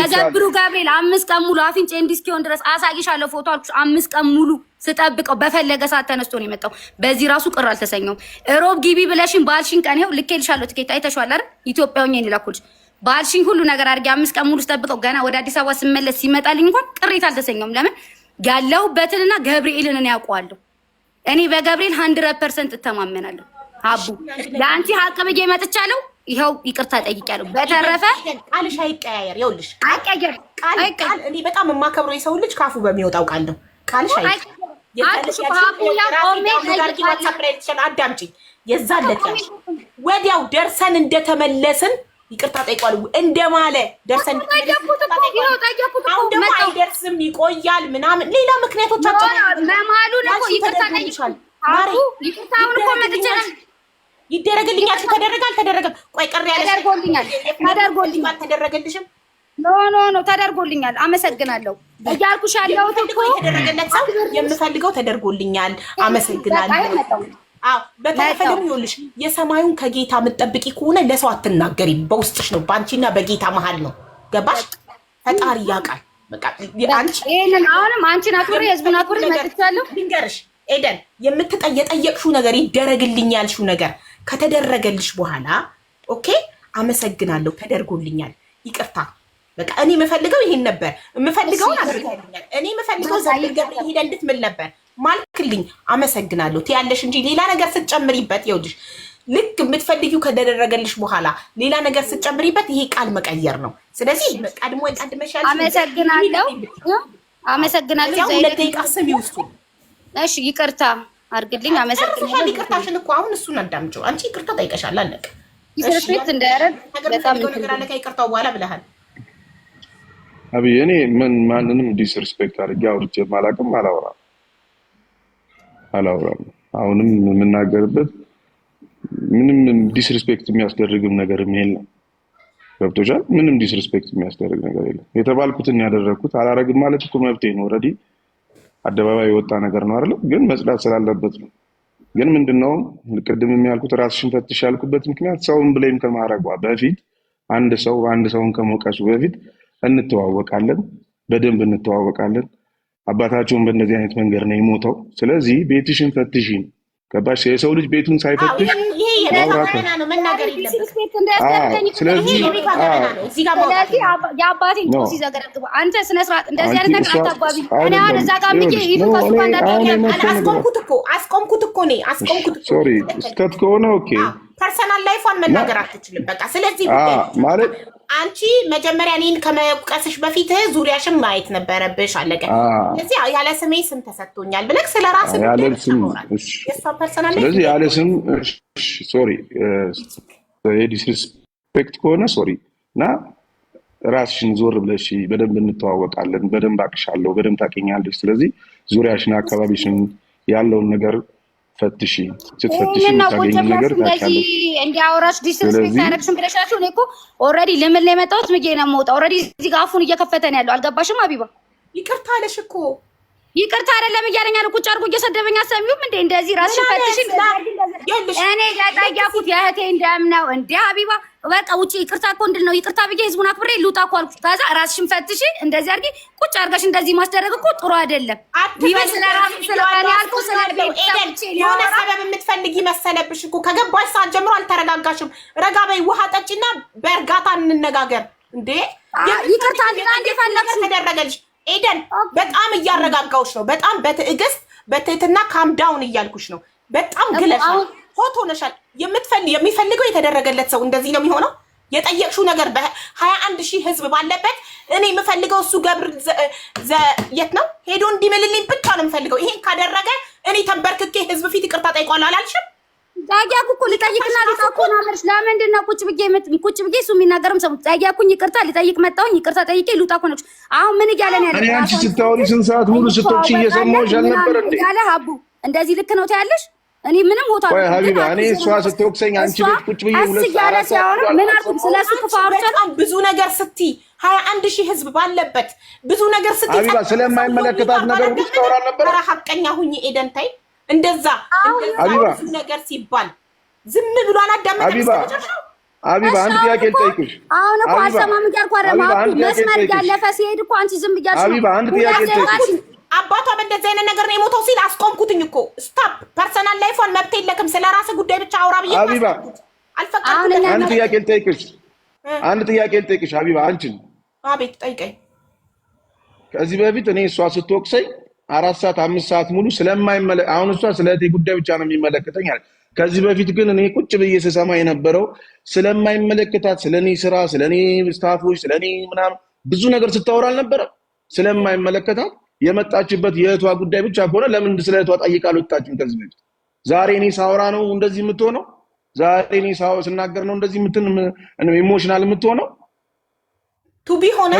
ያዘብሩ ገብርኤል አምስት ቀን ሙሉ አፍንጬ እንዲህ እስኪሆን ድረስ አሳይሻለሁ ፎቶ አልኩሽ። አምስት ቀን ሙሉ ስጠብቀው በፈለገ ሰዓት ተነስቶ ነው የመጣው። በዚህ ራሱ ቅር አልተሰኘውም። ሮብ ግቢ ብለሽን ባልሽን ቀን ይኸው ልኬልሻለሁ። ትኬት አይተሽዋል አይደል? ኢትዮጵያ ሆኜ ነው ባልሽኝ ሁሉ ነገር አድርጌ አምስት ቀን ሙሉ ስጠብቀው ገና ወደ አዲስ አበባ ስመለስ ሲመጣልኝ እንኳን ቅሬታ አልተሰኘውም። ለምን ያለሁበትንና ገብርኤልን እኔ ያውቀዋለሁ። እኔ በገብርኤል ሀንድረድ ፐርሰንት እተማመናለሁ። አቡ ለአንቺ ሀቅ ብዬ መጥቻለሁ። ይኸው ይቅርታ ጠይቄያለሁ። በተረፈ ቃልሽ አይቀያየር። ይኸውልሽ አይቀያየር ቃል ቃል እኔ በጣም የማከብረው የሰው ልጅ ካፉ በሚወጣው ቃል ነው። ቃልሽ አይቀያየር። አዳምጪኝ። የዛ ለት ያልሽ ወዲያው ደርሰን እንደተመለስን ይቅርታ ጠይቋል እንደማለ ደርሰን አሁን ደግሞ አይደርስም ይቆያል ምናምን ሌላ ምክንያቶቻቸው መማሉን ይቅርታ ጠይቋል። ይቅርታውን እኮ መጥቼ ይደረግልኛል። ተደረገ አልተደረገም? ቆይ ቅር ያለሽ ተደርጎልኛል። ተደርጎልኛል። አልተደረገልሽም? ኖ ኖ ኖ ተደርጎልኛል። አመሰግናለሁ እያልኩሽ ያለሁት እኮ የተደረገለት ሰው የምፈልገው ተደርጎልኛል። አመሰግናለሁ። በተረፈ ደግሞ ይኸውልሽ የሰማዩን ከጌታ የምትጠብቂ ከሆነ ለሰው አትናገሪ። በውስጥሽ ነው፣ በአንቺና በጌታ መሀል ነው። ገባሽ? ፈጣሪ ያውቃል። በቃ አሁንም አንቺን አክብሬ የህዝቡን አክብሬ መጥቻለሁ። ልንገርሽ ኤደን የምትጠየጠየቅሽው ነገር ይደረግልኝ ያልሽው ነገር ከተደረገልሽ በኋላ ኦኬ፣ አመሰግናለሁ፣ ተደርጎልኛል፣ ይቅርታ በቃ እኔ የምፈልገው ይሄን ነበር፣ የምፈልገውን አድርገልኛል። እኔ የምፈልገው ዛሬ ገብ ሄደልት ምን ነበር ማልክልኝ፣ አመሰግናለሁ ትያለሽ እንጂ ሌላ ነገር ስትጨምሪበት ይኸውልሽ ልክ የምትፈልጊው ከተደረገልሽ በኋላ ሌላ ነገር ስትጨምሪበት ይሄ ቃል መቀየር ነው። ስለዚህ ቀድሞ ቀድመሻል። አመሰግናለሁ፣ አመሰግናለሁ። ሁለት ደቂቃ ስሚ ውስጡ። እሺ ይቅርታ አርግልኝ አመሰግናለሁ። ይቅርታሽን እኮ አሁን እሱን አዳምጪው። አንቺ ይቅርታ ጠይቀሻል፣ አለቀ። ይቅርታ እንዳያረግ በጣም ነገር አለቀ። ይቅርታው በኋላ ብለሃል። አብይ እኔ ምን ማንንም ዲስሪስፔክት አድርጌ አውርቼ አላውቅም፣ አላወራም፣ አላወራም። አሁንም የምናገርበት ምንም ዲስሪስፔክት የሚያስደርግም ነገርም የለም። ገብቶሻል? ምንም ዲስሪስፔክት የሚያስደርግ ነገር የለም። የተባልኩትን ያደረግኩት አላረግም ማለት እኮ መብቴ ነው። ረዲ አደባባይ የወጣ ነገር ነው አይደለም፣ ግን መጽዳት ስላለበት ነው። ግን ምንድነው ቅድም የሚያልኩት ራስሽን ፈትሽ ያልኩበት ምክንያት ሰውን ብለይም ከማረጓ በፊት አንድ ሰው አንድ ሰውን ከመውቀሱ በፊት እንተዋወቃለን፣ በደንብ እንተዋወቃለን። አባታቸውን በእንደዚህ አይነት መንገድ ነው የሞተው። ስለዚህ ቤትሽን ፈትሽን ገባሽ? የሰው ልጅ ቤቱን ሳይፈትሽ ስለዚህ የአባቴን ጦስ ስህተት ከሆነ ፐርሰናል ላይፏን መናገር አትችልም። በቃ ስለዚህ ማለት አንቺ መጀመሪያ እኔን ከመውቀስሽ በፊት ዙሪያሽን ማየት ነበረብሽ። አለቀ። ስለዚህ ያለ ስሜ ስም ተሰጥቶኛል ብለህ ስለ ራስህ ስለዚህ ያለ ስም ሶሪ፣ የዲስሪስፔክት ከሆነ ሶሪ እና ራስሽን ዞር ብለሽ በደንብ እንተዋወቃለን። በደንብ አቅሻለሁ፣ በደንብ ታውቂኛለሽ። ስለዚህ ዙሪያሽን፣ አካባቢሽን ያለውን ነገር ፈትሺ ስትፈትሺ የምታገኝ ነገር እንዲያወራሽ ዲስሪስፔክት አያረግሽም ብለሻቸው እኔ እኮ ኦልሬዲ ለምን ላይ መጣሁት ብዬ ነው የምወጣው። ኦልሬዲ እዚህ ጋር አፉን እየከፈተ ነው ያለው። አልገባሽም አቢባ ይቅርታ አለሽ እኮ ይቅርታ አይደለም እያለኝ አለ። ቁጭ አድርጎ እየሰደበኝ አሰሚውም እንዴ? እንደዚህ ራስሽን ፈትሺ። እኔ ያጣያኩት የእህቴ እንደም ነው እንዴ ሀቢባ በቃ ውጭ ይቅርታ እኮ እንድል ነው ይቅርታ ብዬ ህዝቡን አክብሬ ልውጣ እኮ አልኩሽ። ከዛ ራስሽን ፈትሽ እንደዚህ አድርጊ ቁጭ አድርገሽ እንደዚህ ማስደረግ እኮ ጥሩ አይደለም። የሆነ ሰበብ የምትፈልጊ መሰለብሽ እኮ ከገባሽ ሰዓት ጀምሮ አልተረጋጋሽም። ረጋ በይ፣ ውሃ ጠጭና በእርጋታ እንነጋገር። እንዴ ይቅርታ እንድፈለግሽ ተደረገልሽ። ኤደን በጣም እያረጋጋውሽ ነው። በጣም በትዕግስት በትህትና ካምዳውን እያልኩሽ ነው። በጣም ግለሽ ሆት ሆነሻል። የሚፈልገው የተደረገለት ሰው እንደዚህ ነው የሚሆነው። የጠየቅሽው ነገር በሀያ አንድ ሺህ ህዝብ ባለበት እኔ የምፈልገው እሱ ገብር የት ነው ሄዶ እንዲምልልኝ ብቻ ነው የምፈልገው። ይሄን ካደረገ እኔ ተንበርክኬ ህዝብ ፊት ይቅርታ ጠይቋል አላልሽም? ዳጊያኩ እኮ ልጠይቅና ልጠቁና መርሽ ለምንድን ነው ቁጭ ብዬ ቁጭ ብዬ እሱ የሚናገርም ሰው ዳጊያኩኝ ይቅርታ ልጠይቅ መጣሁኝ ይቅርታ ጠይቄ ልውጣ እኮ አሁን ምን እያለ ነው ያለ? አንቺ ስታወሪ ስንት ሰዓት ሙሉ ስቶች እየሰማሁሽ አልነበር እንዴ? ያለ ሀቡ እንደዚህ ልክ ነው ታያለሽ እኔ ምንም ቦታ ሀቢባ እኔ እሷ ስትወቅሰኝ አንቺ ቁጭ ብዬ ብዙ ነገር ስትይ ሀያ አንድ ሺህ ህዝብ ባለበት ብዙ ነገር ስትይ ሀቢባ ስለማይመለከታት ነገር ብዙ ታወራ ነበር። ኧረ ሀቀኛ ሁኚ ኤደን እንደዛ ብዙ ነገር ሲባል ዝም ብሎ አላዳመጠ ሀቢባ አንድ ጥያቄ ልጠይቅሽ። አሁን እኮ አልሰማም እያልኩ አይደለም። መስመር እያለፈ ሲሄድ እኮ አንቺ ዝም እያልሽ ነው። አንድ ጥያቄ ልጠይቅሽ አባቷም እንደዚህ አይነት ነገር ነው የሞተው ሲል አስቆምኩትኝ እኮ ስታፕ። ፐርሰናል ላይፎን መብት የለክም። ስለ ራስ ጉዳይ ብቻ አውራ ብዬ አልፈቀድኩም። አንድ ጥያቄ ልጠይቅሽ፣ አንድ ጥያቄ ልጠይቅሽ ሀቢባ አንቺን። አቤት ጠይቀኝ። ከዚህ በፊት እኔ እሷ ስትወቅሰኝ አራት ሰዓት አምስት ሰዓት ሙሉ ስለማይመለ አሁን እሷ ስለ እህቴ ጉዳይ ብቻ ነው የሚመለከተኝ አለ። ከዚህ በፊት ግን እኔ ቁጭ ብዬ ስሰማ የነበረው ስለማይመለከታት ስለ እኔ ስራ፣ ስለ እኔ ስታፎች፣ ስለ እኔ ምናምን ብዙ ነገር ስታወራ አልነበረም ስለማይመለከታት የመጣችበት የእህቷ ጉዳይ ብቻ ከሆነ ለምን ስለ እህቷ ጠይቃሉ አልወጣችም ከዚህ በፊት? ዛሬ እኔ ሳውራ ነው እንደዚህ የምትሆነው? ዛሬ እኔ ስናገር ነው እንደዚህ ምትን ኢሞሽናል የምትሆነው? ቱቢ ሆነ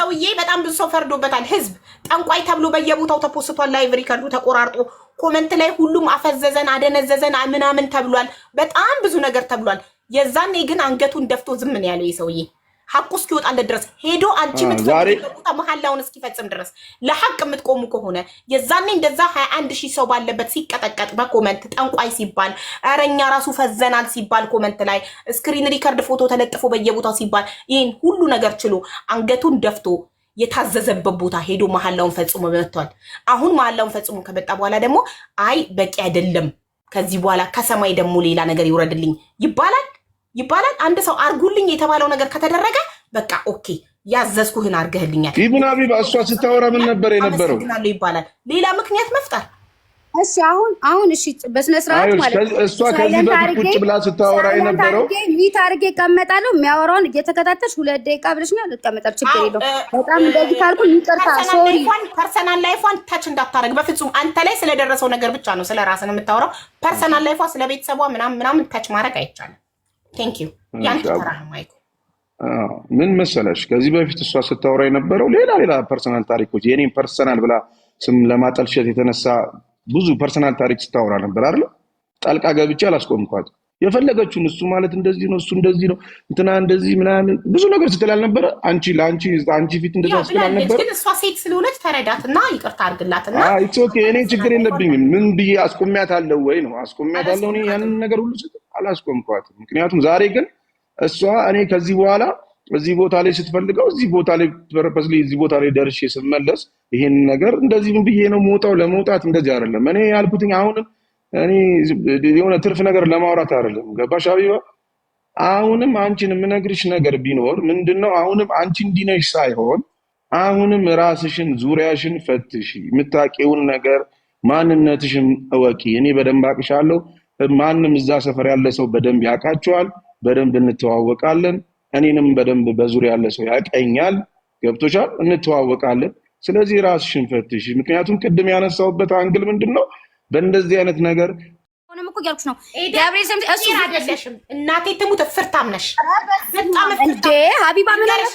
ሰውዬ በጣም ብዙ ሰው ፈርዶበታል። ህዝብ ጠንቋይ ተብሎ በየቦታው ተፖስቷል። ላይቭ ሪከርዱ ተቆራርጦ ኮመንት ላይ ሁሉም አፈዘዘን፣ አደነዘዘን ምናምን ተብሏል። በጣም ብዙ ነገር ተብሏል። የዛኔ ግን አንገቱን ደፍቶ ዝም ነው ያለው ይህ ሀቁ እስኪወጣለት ድረስ ሄዶ አንቺ የምትፈልጉታ መሀላውን እስኪፈጽም ድረስ ለሀቅ የምትቆሙ ከሆነ የዛኔ እንደዛ ሀያ አንድ ሺህ ሰው ባለበት ሲቀጠቀጥ በኮመንት ጠንቋይ ሲባል ኧረ ራሱ ፈዘናል ሲባል ኮመንት ላይ ስክሪን ሪከርድ ፎቶ ተለጥፎ በየቦታው ሲባል ይህን ሁሉ ነገር ችሎ አንገቱን ደፍቶ የታዘዘበት ቦታ ሄዶ መሀላውን ፈጽሞ መጥቷል። አሁን መሀላውን ፈጽሞ ከመጣ በኋላ ደግሞ አይ በቂ አይደለም፣ ከዚህ በኋላ ከሰማይ ደግሞ ሌላ ነገር ይውረድልኝ ይባላል። ይባላል። አንድ ሰው አርጉልኝ የተባለው ነገር ከተደረገ በቃ ኦኬ ያዘዝኩህን አርገህልኛል። ኢብን ሀቢባ እሷ ስታወራ ምን ነበር የነበረው ይባላል። ሌላ ምክንያት መፍጠር እሺ አሁን አሁን እሺ፣ በስነ ስርዓት ማለት እሷ ከዚህ በፊት ቁጭ ብላ ስታወራ የነበረው ሚት አድርጌ እቀመጣለሁ። የሚያወራውን እየተከታተልሽ ሁለት ደቂቃ ብለሽኛል፣ እቀመጣለሁ። ችግር የለውም። በጣም እንደዚህ ካልኩ ይቅርታ፣ ሶሪ። ፐርሰናል ላይፏን ታች እንዳታረግ በፍጹም። አንተ ላይ ስለደረሰው ነገር ብቻ ነው ስለ ራስን የምታወራው። ፐርሰናል ላይፏ ስለ ቤተሰቧ ምናምን ምናምን ታች ማድረግ አይቻልም። ምን መሰለሽ ከዚህ በፊት እሷ ስታወራ የነበረው ሌላ ሌላ ፐርሰናል ታሪኮች የኔም ፐርሰናል ብላ ስም ለማጠልሸት የተነሳ ብዙ ፐርሰናል ታሪክ ስታወራ ነበር አይደል? ጣልቃ ገብቼ አላስቆምኳት። የፈለገችውን እሱ ማለት እንደዚህ ነው፣ እሱ እንደዚህ ነው፣ እንትና እንደዚህ ምናምን ብዙ ነገር ስትላል ነበረ። አንቺ ለአንቺ አንቺ ፊት እንደዛ ስትላል አልነበረ? ግን እሷ ሴት ስለሆነች ተረዳትና ይቅርታ አድርግላትና እኔ ችግር የለብኝም። ምን ብዬ አስቆሚያት አለው ወይ ነው አስቆሚያት አለው። እኔ ያንን ነገር ሁሉ ስትል አላስቆምኳትም። ምክንያቱም ዛሬ ግን እሷ እኔ ከዚህ በኋላ እዚህ ቦታ ላይ ስትፈልገው እዚህ ቦታ ላይ ፐርፐስ እዚህ ቦታ ላይ ደርሼ ስመለስ ይሄን ነገር እንደዚህ ብዬ ነው መውጣው ለመውጣት እንደዚህ አይደለም እኔ ያልኩትኝ አሁንም እኔ የሆነ ትርፍ ነገር ለማውራት አይደለም። ገባሽ አቢባ አሁንም አንቺን የምነግርሽ ነገር ቢኖር ምንድነው፣ አሁንም አንቺ እንዲነሽ ሳይሆን አሁንም ራስሽን ዙሪያሽን ፈትሽ፣ የምታውቂውን ነገር ማንነትሽን እወቂ። እኔ በደንብ አቅሻለሁ። ማንም እዛ ሰፈር ያለ ሰው በደንብ ያውቃቸዋል። በደንብ እንተዋወቃለን። እኔንም በደንብ በዙሪያ ያለ ሰው ያቀኛል። ገብቶሻል? እንተዋወቃለን። ስለዚህ ራስሽን ፈትሽ። ምክንያቱም ቅድም ያነሳውበት አንግል ምንድን ነው በእንደዚህ አይነት ነገር ሆነም እኮ እያልኩሽ ነው። ገብርኤል እሱ አይደለሽም። እናቴ ትሙት እፍርታም ነሽ። በጣም እንዴ ሀቢባ ምን አለሽ?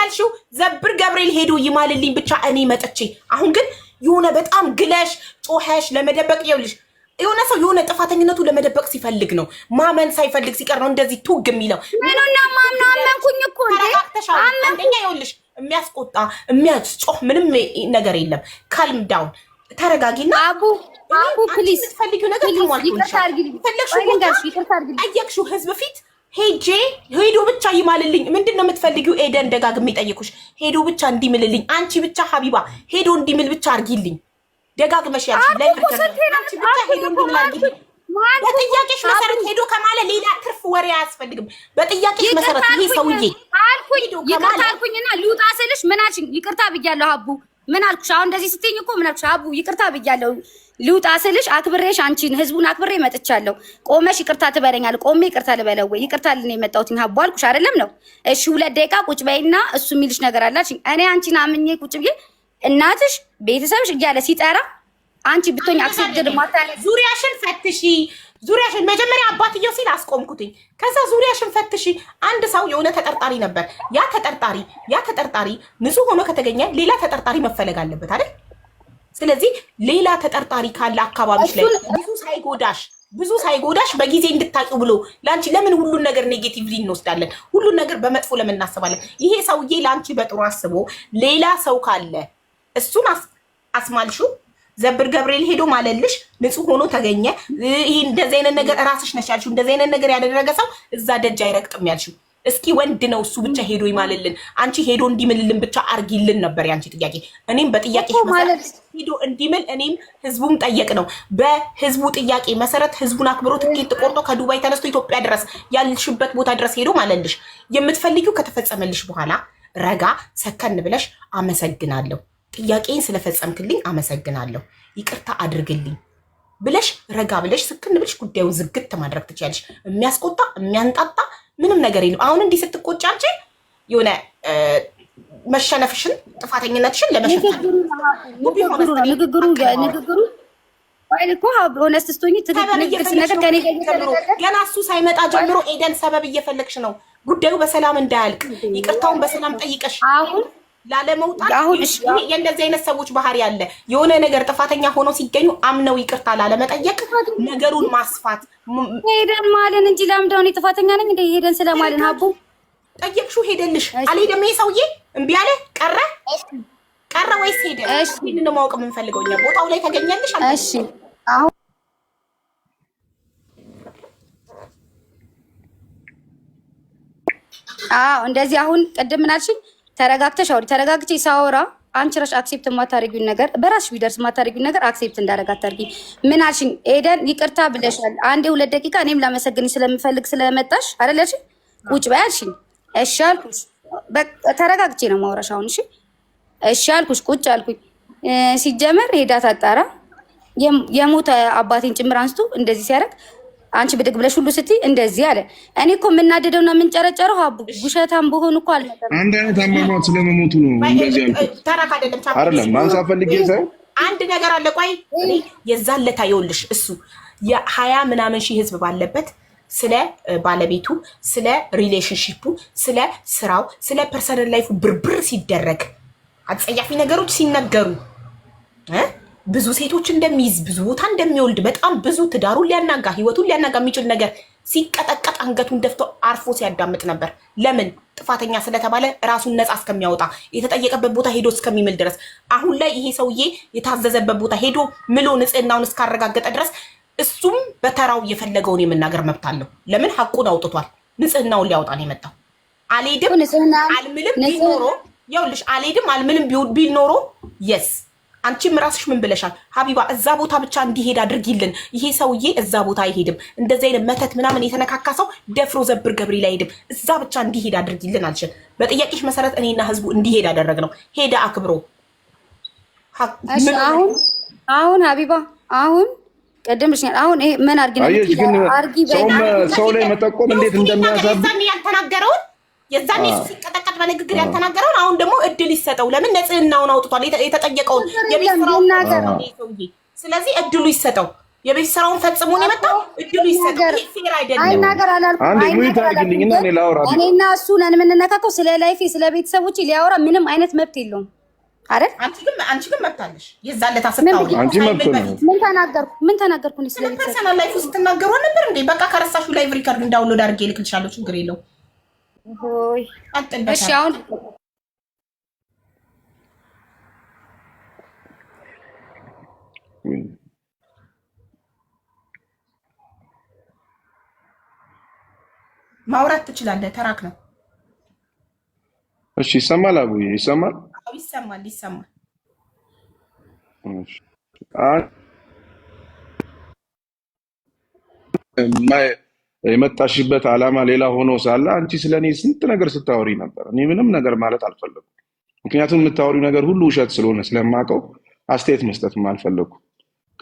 ያልሽው ዘብር ገብርኤል ሄዶ ይማልልኝ ብቻ እኔ መጥቼ አሁን ግን የሆነ በጣም ግለሽ ጮኸሽ ለመደበቅ ይኸውልሽ የሆነ ሰው የሆነ ጥፋተኝነቱ ለመደበቅ ሲፈልግ ነው። ማመን ሳይፈልግ ሲቀር ነው እንደዚህ ቱግ የሚለው። ምኑን ማምነው? አመንኩኝ እኮ እንዴ ይኸውልሽ የሚያስቆጣ የሚያስጮህ ምንም ነገር የለም። ካልም ዳውን ተረጋጊና፣ አቡ አቡ ፕሊዝ፣ የምትፈልጊው ነገር ጠየቅሽው ህዝብ ፊት ሄጄ ሄዶ ብቻ ይማልልኝ። ምንድን ነው የምትፈልጊው? ኤደን ደጋግሜ ጠየኩሽ። ሄዶ ብቻ እንዲምልልኝ አንቺ ብቻ ሀቢባ ሄዶ እንዲምል ብቻ አርጊልኝ። ደጋግመሽ ያልሽኝ ላይ ብቻ ሄዶ እንዲምል አርጊልኝ በጥያቄሽ መሰረት ሄዶ ከማለ ሌላ ትርፍ ወሬ አያስፈልግም። በጥያቄሽ መሰረት ይሄ ሰውዬ ይቅርታ አልኩኝና ልውጣ ስልሽ ምን አልሽኝ? ይቅርታ ብያለሁ አቡ ምን አልኩሽ? አሁን እንደዚህ ስትይኝ እኮ ምን አልኩሽ? አቡ ይቅርታ ብያለሁ ልውጣ ስልሽ አክብሬሽ አንቺን ህዝቡን አክብሬ መጥቻለሁ። ቆመሽ ይቅርታ ትበለኛል። ቆሜ ይቅርታ ልበለው ወይ ይቅርታ ልን ሀቦ አልኩሽ አይደለም ነው? እሺ ሁለት ደቂቃ ቁጭ በይና እሱ የሚልሽ ነገር እኔ አንቺን አምኜ ቁጭ ብዬ እናትሽ ቤተሰብሽ እያለ ሲጠራ አንቺ ብትሆኝ አክሴፕትድ ማታ ዙሪያሽን ፈትሺ። ዙሪያሽን መጀመሪያ አባትየው ሲል አስቆምኩትኝ። ከዛ ዙሪያሽን ፈትሺ። አንድ ሰው የሆነ ተጠርጣሪ ነበር። ያ ተጠርጣሪ ያ ተጠርጣሪ ንጹህ ሆኖ ከተገኘ ሌላ ተጠርጣሪ መፈለግ አለበት አይደል? ስለዚህ ሌላ ተጠርጣሪ ካለ አካባቢሽ ላይ ብዙ ሳይጎዳሽ ብዙ ሳይጎዳሽ በጊዜ እንድታቂው ብሎ ለአንቺ ለምን ሁሉን ነገር ኔጌቲቭሊ እንወስዳለን? ሁሉን ነገር በመጥፎ ለምን እናስባለን? ይሄ ሰውዬ ለአንቺ በጥሩ አስቦ ሌላ ሰው ካለ እሱን አስማልሹ ዘብር ገብርኤል ሄዶ ማለልሽ ንጹህ ሆኖ ተገኘ። ይህ እንደዚህ አይነት ነገር ራስሽ ነሽ ያልሽው፣ እንደዚህ አይነት ነገር ያደረገ ሰው እዛ ደጅ አይረግጥም ያልሽው። እስኪ ወንድ ነው እሱ ብቻ ሄዶ ይማልልን፣ አንቺ ሄዶ እንዲምልልን ብቻ አርጊልን ነበር ያንቺ ጥያቄ። እኔም በጥያቄ ሄዶ እንዲምል እኔም ህዝቡም ጠየቅ ነው። በህዝቡ ጥያቄ መሰረት ህዝቡን አክብሮ ትኬት ቆርጦ ከዱባይ ተነስቶ ኢትዮጵያ ድረስ ያልሽበት ቦታ ድረስ ሄዶ ማለልሽ። የምትፈልጊው ከተፈጸመልሽ በኋላ ረጋ ሰከን ብለሽ አመሰግናለሁ ጥያቄን ስለፈጸምክልኝ አመሰግናለሁ፣ ይቅርታ አድርግልኝ ብለሽ ረጋ ብለሽ ስክን ብለሽ ጉዳዩን ዝግት ማድረግ ትችላለሽ። የሚያስቆጣ የሚያንጣጣ ምንም ነገር የለም። አሁን እንዲህ ስትቆጫ አንቺ የሆነ መሸነፍሽን ጥፋተኝነትሽን ለመሸፈን ገና እሱ ሳይመጣ ጀምሮ ኤደን ሰበብ እየፈለግሽ ነው ጉዳዩ በሰላም እንዳያልቅ ይቅርታውን በሰላም ጠይቀሽ አሁን ላለመውጣት የእንደዚህ አይነት ሰዎች ባህሪ ያለ የሆነ ነገር ጥፋተኛ ሆኖ ሲገኙ አምነው ይቅርታ ላለመጠየቅ ነገሩን ማስፋት ሄደን ማለን እንጂ ለምደውን ጥፋተኛ ነኝ እንደ ሄደን ስለማለን አቡ ጠየቅሹ ሄደልሽ አልሄደም። ይሄ ሰውዬ እምቢ አለ ቀረ ቀረ ወይስ ሄደ? ይህንን ማወቅ የምንፈልገው እኛ ቦታው ላይ ተገኘልሽ። እሺ አሁን አዎ እንደዚህ አሁን ቅድም ምን ተረጋግተሽ አውሪ። ተረጋግቼ ሳወራ አንቺ ራሽ አክሴፕት የማታደርጊውን ነገር በራስሽ ቢደርስ የማታደርጊውን ነገር አክሴፕት እንዳደረግ አታርጊ። ምን አልሽኝ? ኤደን ይቅርታ ብለሻል። አንዴ ሁለት ደቂቃ እኔም ላመሰግንሽ ስለምፈልግ ስለመጣሽ አደለሽ ውጭ በይ አልሽኝ። እሺ አልኩሽ። ተረጋግቼ ነው ማውራሽ አሁን። እሺ እሺ አልኩሽ። ቁጭ አልኩኝ። ሲጀመር ሄዳ ታጣራ የሞተ አባቴን ጭምር አንስቶ እንደዚህ ሲያደርግ አንቺ ብድግ ብለሽ ሁሉ ስትይ እንደዚህ አለ። እኔ እኮ የምናደደውና የምንጨረጨረው አቡ ውሸታም በሆኑ እኮ አለ። አንድ አይነት አሟሟት ስለመሞቱ ነው እንደዚህ ያልኩት አይደለም። አይደለም፣ ማንሳት ፈልጌ ሳይ አንድ ነገር አለ። ቆይ የዛን ለታ ይኸውልሽ እሱ የሀያ ምናምን ሺህ ህዝብ ባለበት ስለ ባለቤቱ፣ ስለ ሪሌሽንሺፑ፣ ስለ ስራው፣ ስለ ፐርሰናል ላይፉ ብርብር ሲደረግ አጸያፊ ነገሮች ሲነገሩ እ ብዙ ሴቶች እንደሚይዝ ብዙ ቦታ እንደሚወልድ በጣም ብዙ ትዳሩን ሊያናጋ ህይወቱን ሊያናጋ የሚችል ነገር ሲቀጠቀጥ አንገቱን ደፍቶ አርፎ ሲያዳምጥ ነበር። ለምን? ጥፋተኛ ስለተባለ ራሱን ነፃ እስከሚያወጣ የተጠየቀበት ቦታ ሄዶ እስከሚምል ድረስ። አሁን ላይ ይሄ ሰውዬ የታዘዘበት ቦታ ሄዶ ምሎ ንጽህናውን እስካረጋገጠ ድረስ እሱም በተራው የፈለገውን የመናገር መብት አለው። ለምን? ሀቁን አውጥቷል። ንጽህናውን ሊያወጣ ነው የመጣው። አልሄድም አልምልም ቢኖሮ ይኸውልሽ፣ አልሄድም አልምልም ቢኖሮ የስ አንቺም ራስሽ ምን ብለሻል ሀቢባ? እዛ ቦታ ብቻ እንዲሄድ አድርጊልን። ይሄ ሰውዬ እዛ ቦታ አይሄድም። እንደዚህ አይነት መተት ምናምን የተነካካ ሰው ደፍሮ ዘብር ገብሪ ላይ አይሄድም። እዛ ብቻ እንዲሄድ አድርጊልን አልሽን። በጥያቄሽ መሰረት እኔና ህዝቡ እንዲሄድ አደረግ ነው። ሄደ አክብሮ። አሁን አሁን ሀቢባ አሁን ቀደም ብለሽኛል። አሁን ይሄ ምን አርጊ ነው አርጊ ሰው ላይ መጠቆም እንዴት እንደሚያሳብ ያልተናገረውን የዛኔ እሱ ሲቀጠቀጥ በንግግር ያልተናገረውን አሁን ደግሞ እድል ይሰጠው። ለምን ንጽህናውን አውጥቷል፣ የተጠየቀውን የቤት ስራውን ስለዚህ እድሉ ይሰጠው። የቤት ስራውን ፈጽሞን የመጣው። እድሉ ይሰጠው። ፌር እሱ ነን የምንነካከው። ስለ ላይፌ ስለ ቤተሰቦቼ ሊያወራ ምንም አይነት መብት የለውም። አይደል? አንቺ ግን አንቺ ግን መብታለሽ። የዛን ዕለት አሰጣው አንቺ ምን ተናገርኩ? ምን ተናገርኩ? ስትናገሩ ነበር እንዴ? በቃ ከረሳሹ ላይቭ ሪከርድ እንዳውንሎድ አድርጌ ልክልሻለሁ። ችግር የለውም። እሺ አሁን ማውራት ትችላለህ። ተራክ ነው። እሺ ይሰማል። አቡዬ ይሰማል። ይሰማል። ይሰማል። እሺ የመጣሽበት ዓላማ ሌላ ሆኖ ሳለ አንቺ ስለ እኔ ስንት ነገር ስታወሪ ነበር። እኔ ምንም ነገር ማለት አልፈለጉም። ምክንያቱም የምታወሪው ነገር ሁሉ ውሸት ስለሆነ ስለማውቀው አስተያየት መስጠት አልፈለጉ።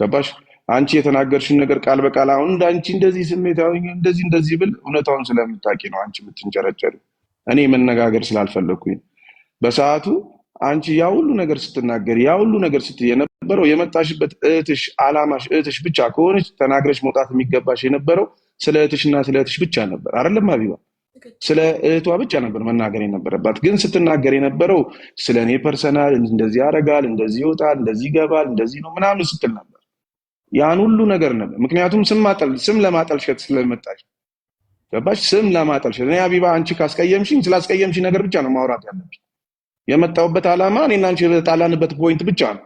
ገባሽ? አንቺ የተናገርሽን ነገር ቃል በቃል አሁን እንደ አንቺ እንደዚህ ስሜታዊ እንደዚህ እንደዚህ ብል እውነታውን ስለምታውቂ ነው አንቺ የምትንጨረጨሪ። እኔ መነጋገር ስላልፈለግኩኝ በሰዓቱ አንቺ ያ ሁሉ ነገር ስትናገር ያ ሁሉ ነገር ስትይ የነበረው የመጣሽበት እህትሽ አላማሽ እህትሽ ብቻ ከሆነች ተናግረሽ መውጣት የሚገባሽ የነበረው ስለ እህትሽና ስለ እህትሽ ብቻ ነበር አይደለም አቢባ ስለ እህቷ ብቻ ነበር መናገር የነበረባት። ግን ስትናገር የነበረው ስለ እኔ ፐርሰናል፣ እንደዚህ ያደርጋል፣ እንደዚህ ይወጣል፣ እንደዚህ ይገባል፣ እንደዚህ ነው ምናምን ስትል ነበር። ያን ሁሉ ነገር ነበር። ምክንያቱም ስም ለማጠልሸት ስለመጣች ገባች። ስም ለማጠልሸት እኔ አቢባ አንቺ ካስቀየምሽኝ ስላስቀየምሽ ነገር ብቻ ነው ማውራት ያለብሽ። የመጣውበት ዓላማ እኔና አንቺ የተጣላንበት ፖይንት ብቻ ነው።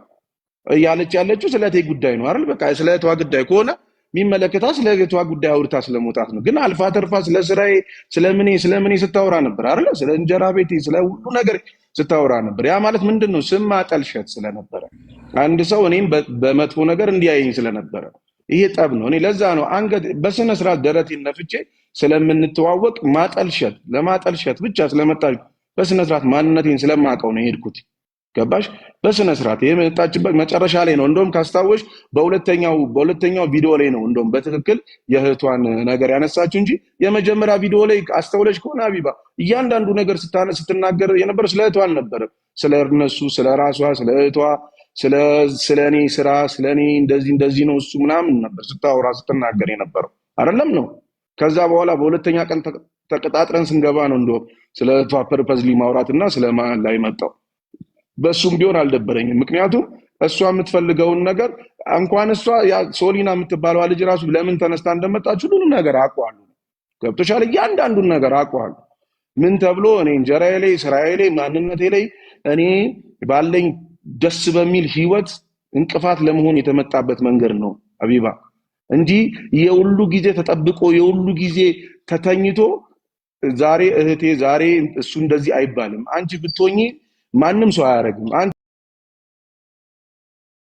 እያለች ያለችው ስለ ጉዳይ ነው አይደል? በቃ ስለ እህቷ ጉዳይ ከሆነ የሚመለከታት ስለእህቷ ጉዳይ አውርታ ስለመውጣት ነው። ግን አልፋ ተርፋ ስለ ስራዬ፣ ስለምኔ ስለምኔ ስታወራ ነበር አለ ስለ እንጀራ ቤቴ፣ ስለ ሁሉ ነገር ስታወራ ነበር። ያ ማለት ምንድን ነው? ስም ማጠልሸት ስለነበረ አንድ ሰው እኔም በመጥፎ ነገር እንዲያየኝ ስለነበረ ይሄ ጠብ ነው። እኔ ለዛ ነው አንገት በስነ ስርዓት ደረቴን ነፍቼ ስለምንተዋወቅ ማጠልሸት ለማጠልሸት ብቻ ስለመጣ በስነ ስርዓት ማንነቴን ስለማውቀው ነው የሄድኩት። ገባሽ በስነ ስርዓት የመጣችበት መጨረሻ ላይ ነው። እንደውም ካስታወሽ በሁለተኛው በሁለተኛው ቪዲዮ ላይ ነው እንደውም በትክክል የእህቷን ነገር ያነሳችው እንጂ የመጀመሪያ ቪዲዮ ላይ አስተውለሽ ከሆነ አቢባ እያንዳንዱ ነገር ስትናገር የነበረ ስለ እህቷ አልነበረም። ስለ እነሱ፣ ስለ ራሷ፣ ስለ እህቷ፣ ስለ እኔ ስራ፣ ስለ እኔ እንደዚህ እንደዚህ ነው እሱ ምናምን ነበር ስታወራ ስትናገር የነበረው አይደለም ነው። ከዛ በኋላ በሁለተኛ ቀን ተቀጣጥረን ስንገባ ነው እንደውም ስለ እህቷ ፐርፐዝ ማውራት እና ስለ ላይ መጣው በእሱም ቢሆን አልደበረኝም። ምክንያቱም እሷ የምትፈልገውን ነገር እንኳን እሷ ሶሊና የምትባለዋ ልጅ ራሱ ለምን ተነስታ እንደመጣች ሁሉንም ነገር አውቀዋለሁ። ገብቶሻል? እያንዳንዱን ነገር አውቀዋለሁ። ምን ተብሎ እኔ እንጀራዬ ላይ፣ ስራዬ ላይ፣ ማንነቴ ላይ እኔ ባለኝ ደስ በሚል ህይወት እንቅፋት ለመሆን የተመጣበት መንገድ ነው አቢባ እንጂ የሁሉ ጊዜ ተጠብቆ የሁሉ ጊዜ ተተኝቶ ዛሬ እህቴ ዛሬ እሱ እንደዚህ አይባልም። አንቺ ብትሆኚ ማንም ሰው አያደርግም።